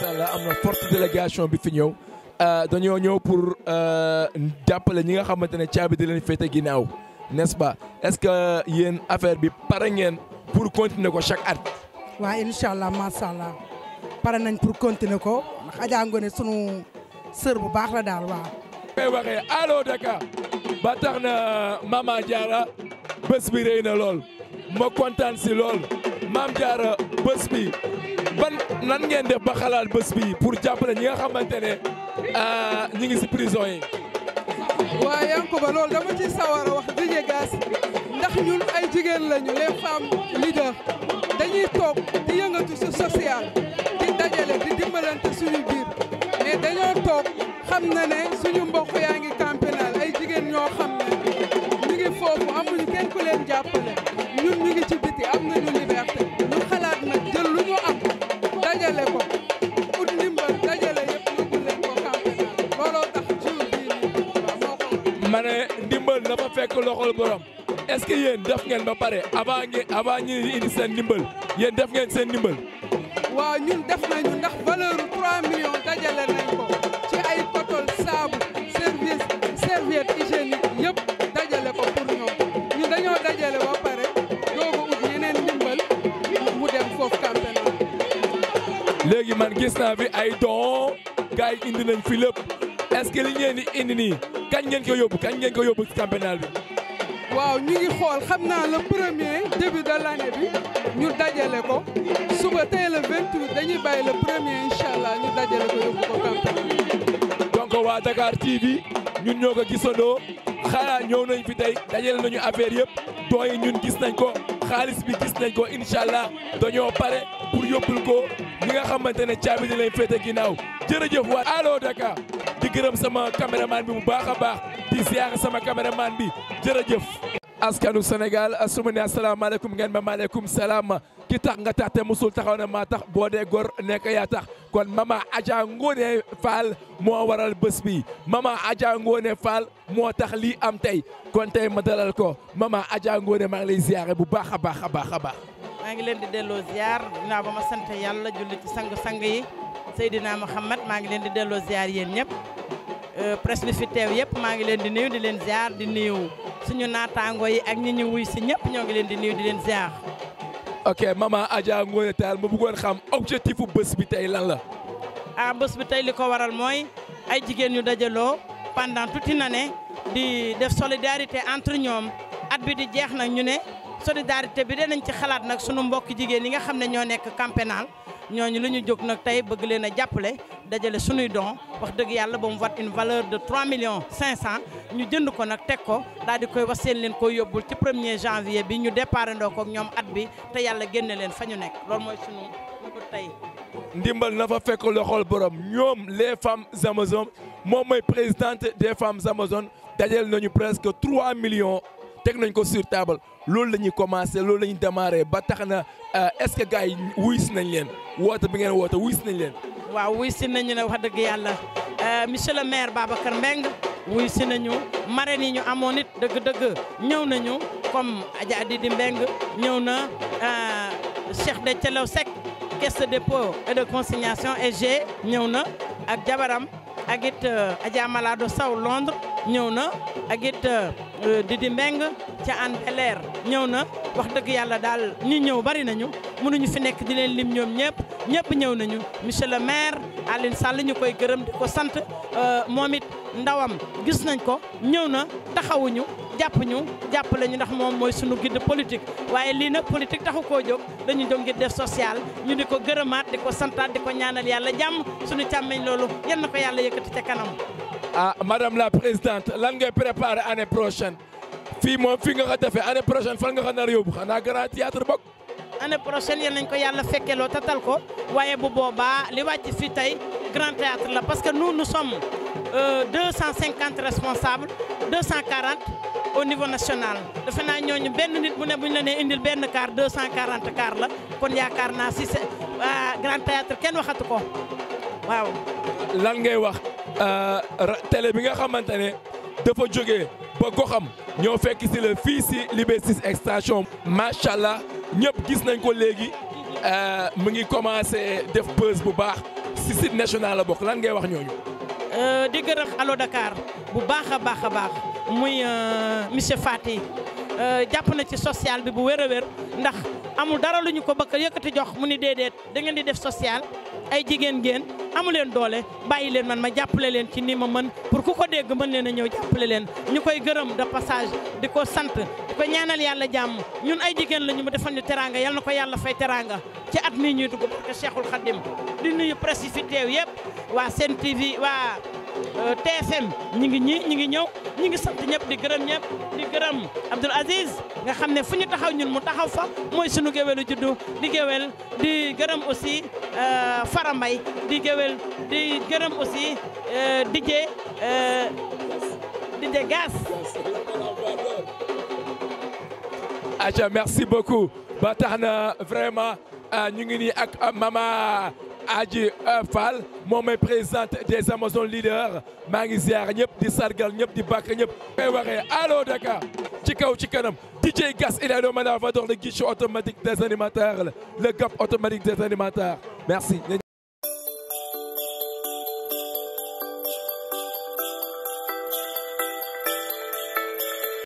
macha am na forte délégation bi fi ñëw euh, dañoo ñëw pour euh, jàppale ñi nga xamante ne caabi di leen féete ginnaaw n'est-ce pas est-ce que yéen affaire bi pare ngeen pour continuer ko chaque at. waaw incha allah macha allah pare nañ pour continuer ko ndax Adja Ngoné sunu sër bu baax la daal waaw. koy waxee allo Dakar ba tax na Mama Diarra bés bi rëy na lool ma kontaan si lool Mame Diarra bés bi. ban nan ngeen def ba xalaat bés bi pour jàppale ñi nga xamante ne ah, ñi ngi si prison yi. waaw Yankuba loolu dama ci sawar a wax DJ Gas ndax ñun ay jigéen lañu les femmes leaders dañuy toog di yëngatu si social di dajale di dimbalante suñu biir mais dañoo toog xam na ne suñu mbokk yaa ngi campénal ay jigéen ñoo xam ne ñu ngi foofu amuñu kenn leen jàppale. dafa fekk loxol borom est-ce que yéen def ngeen ba pare avant ngeen avant ñuy indi seen ndimbal yéen def ngeen seen ndimbal. waaw ñun def nañu ndax valeur 3 millions dajale nañ ko ci ay potol saabu service serviette hygiénique yëpp dajale ko pour ñoom ñun dañoo dajale ba pare doogu ut yeneen ndimbal mu dem foofu campagne léegi man gis naa fi ay don gars indi nañ fi lépp. est-ce que li ngeen di indi nii kañ ngeen ko yóbbu kañ ngeen ko yóbbu ci bi. waaw ñu ngi xool xam naa le premier début de l'année bi ñu dajale ko suba tey le 28 dañuy bàyyi le premier incha allah ñu dajale ko yóbbu ko camp pénal. donc waa Dakar TV ñun ñoo ko gisandoo xanaa ñëw nañ fi tey dajale nañu affaire yëpp yi ñun gis nañ ko xaalis bi gis nañ ko incha allah dañoo pare pour yóbbul ko ñi nga xamante ne caabi di féete ginnaaw jërëjëf waa Allo Dakar. di gërëm sama caméraman bi mu baax a baax di ziar sama caméraman bi jërëjëf. askanu Sénégal su ma nee asalaamaaleykum ngeen ma maaleykum salaam ki tax nga tax te musul taxaw na maa tax boo dee gor nekk yaa tax kon mama Adja Ngone Fall moo waral bés bi maa Adja Ngone Fall moo tax lii am tey kon tey ma dalal ko ma Adja Ngone maa ngi lay ziare bu baax a baax a baax a maa ngi leen di delloo ziar dinaa ba ma sant yàlla julli ci sang sang yi. Seydina Mouhamad maa ngi leen di delloo ziar yéen ñëpp euh, presse bi fi teew yëpp maa ngi leen di nuyu di leen ziar di nuyu suñu naataangoo yi ak ñi ñu wuy si ñëpp ñoo ngi leen di nuyu di leen ziar. ok maman Adja Ngoné Tall ma bëggoon xam objectif bu bés bi tey lan la. ah bés bi tey li ko waral mooy ay jigéen ñu dajaloo pendant toute na ne di def solidarité entre ñoom at bi di jeex nag ñu ne solidarité bi nañ ci xalaat nag sunu mbokk jigéen yi nga xam ne ñoo nekk camp ñooñu la ñu jóg nag tey bëgg leen a jàppale dajale sunuy don wax dëgg yàlla ba mu wat une valeur de 3 millions 500 ñu jënd ko nag teg ko daal di koy wax seen leen koy yóbbul ci 1er janvier bi ñu départandoo ko ak ñoom at bi te yàlla génne leen fa ñu nekk loolu mooy sunu ko tey. ndimbal na fa fekk loxol borom ñom les femmes amazones moom mooy présidente des femmes amazones dajale nañu presque 3 millions teg nañ ko sur table loolu la ñuy commencé loolu la ñuy démarré ba tax na euh, est-ce que gars yi wuyusi nañ leen woote bi ngeen woote wuyusi nañ leen. waaw wuyusi nañu ne wax dëgg yàlla euh, monsieur le maire Babacar Mbengue wuyusi nañu marraine yi ñu amoon it dëgg-dëgg ñëw nañu comme Adja Adidi Mbengue ñëw na euh, Cheikh de Thielaw Seck caisse de dépôt et de consignation SG ñëw na ak jabaram ak it Adja Malado Saw Londres. ñëw na ak di euh, euh, Didi Mbengue ca Hann bel ñëw na wax dëgg yàlla daal ñi ñëw bari nañu mënuñu fi nekk di leen lim ñoom ñëpp ñëpp ñëw nañu monsieur le maire Alioune Sall ñu koy gërëm di ko sant euh, moom it ndawam gis nañ ko ñëw na taxawuñu jàpp ñu jàppale ñu ndax moom mooy sunu guide politique waaye lii nag politique taxu koo jóg dañu jóg ngir def social ñu di ko gërëmaat di ko santaat di ko ñaanal yàlla jàmm sunu càmmeñ loolu yan ko yàlla yëkkati ca kanam Ah, madame la présidente l'année prépare l'année prochaine l'année prochaine il nga grand théâtre L'année prochaine grand théâtre parce que nous nous sommes 250 euh, responsables 240 au niveau national Nous ñooñu grand théâtre Euh, télé bi nga xamante ne dafa jógee ba goxam ñoo fekk si la fii si Liberté 6 extension macha allah ñëpp gis nañ ko léegi euh, mu ngi commencé def buzz bu baax si site national la bokk lan ngay wax ñooñu. Euh, di gërëm Allo Dakar bu baax a baax a baax muy monsieur Faty Euh, jàpp na ci social bi bu wér a wér ndax amul dara lu ñu ko bëgg yëkkati jox mu ni déedéet da ngeen di def social ay jigéen ngeen amu leen doole bàyyi leen man ma jàppale leen ci nii ma mën pour ku ko dégg mën leen a ñëw jàppale leen ñu koy gërëm de passage di ko sant di ko ñaanal yàlla jàmm ñun ay jigéen lañu ñu mu defal ñu teraanga yal na ko yàlla fay teraanga ci at mii ñuy dugg barke Cheikhul Khadim di nuyu presse fi teew yëpp waa Sen TV waa Euh, TFM ñi ngi ñii ñi ngi ñëw ñi ngi sant ñëpp di gërëm ñëpp di gërëm Abdoul nga xam ne fu ñu taxaw ñun mu taxaw fa mooy sunu géwélu juddu di géwél di gërëm aussi euh, Fara Mbaye di géwél di gërëm aussi DJ DJ Gas aja merci beaucoup ba tax na vraiment euh, ñu ngi nii ak mama Adji Fall je présente des Amazon leaders maa des ziar di sargal ñëpp di allo Dakar ci kaw DJ Gas il est le dans le guichet automatique des animateurs le gap automatique des animateurs merci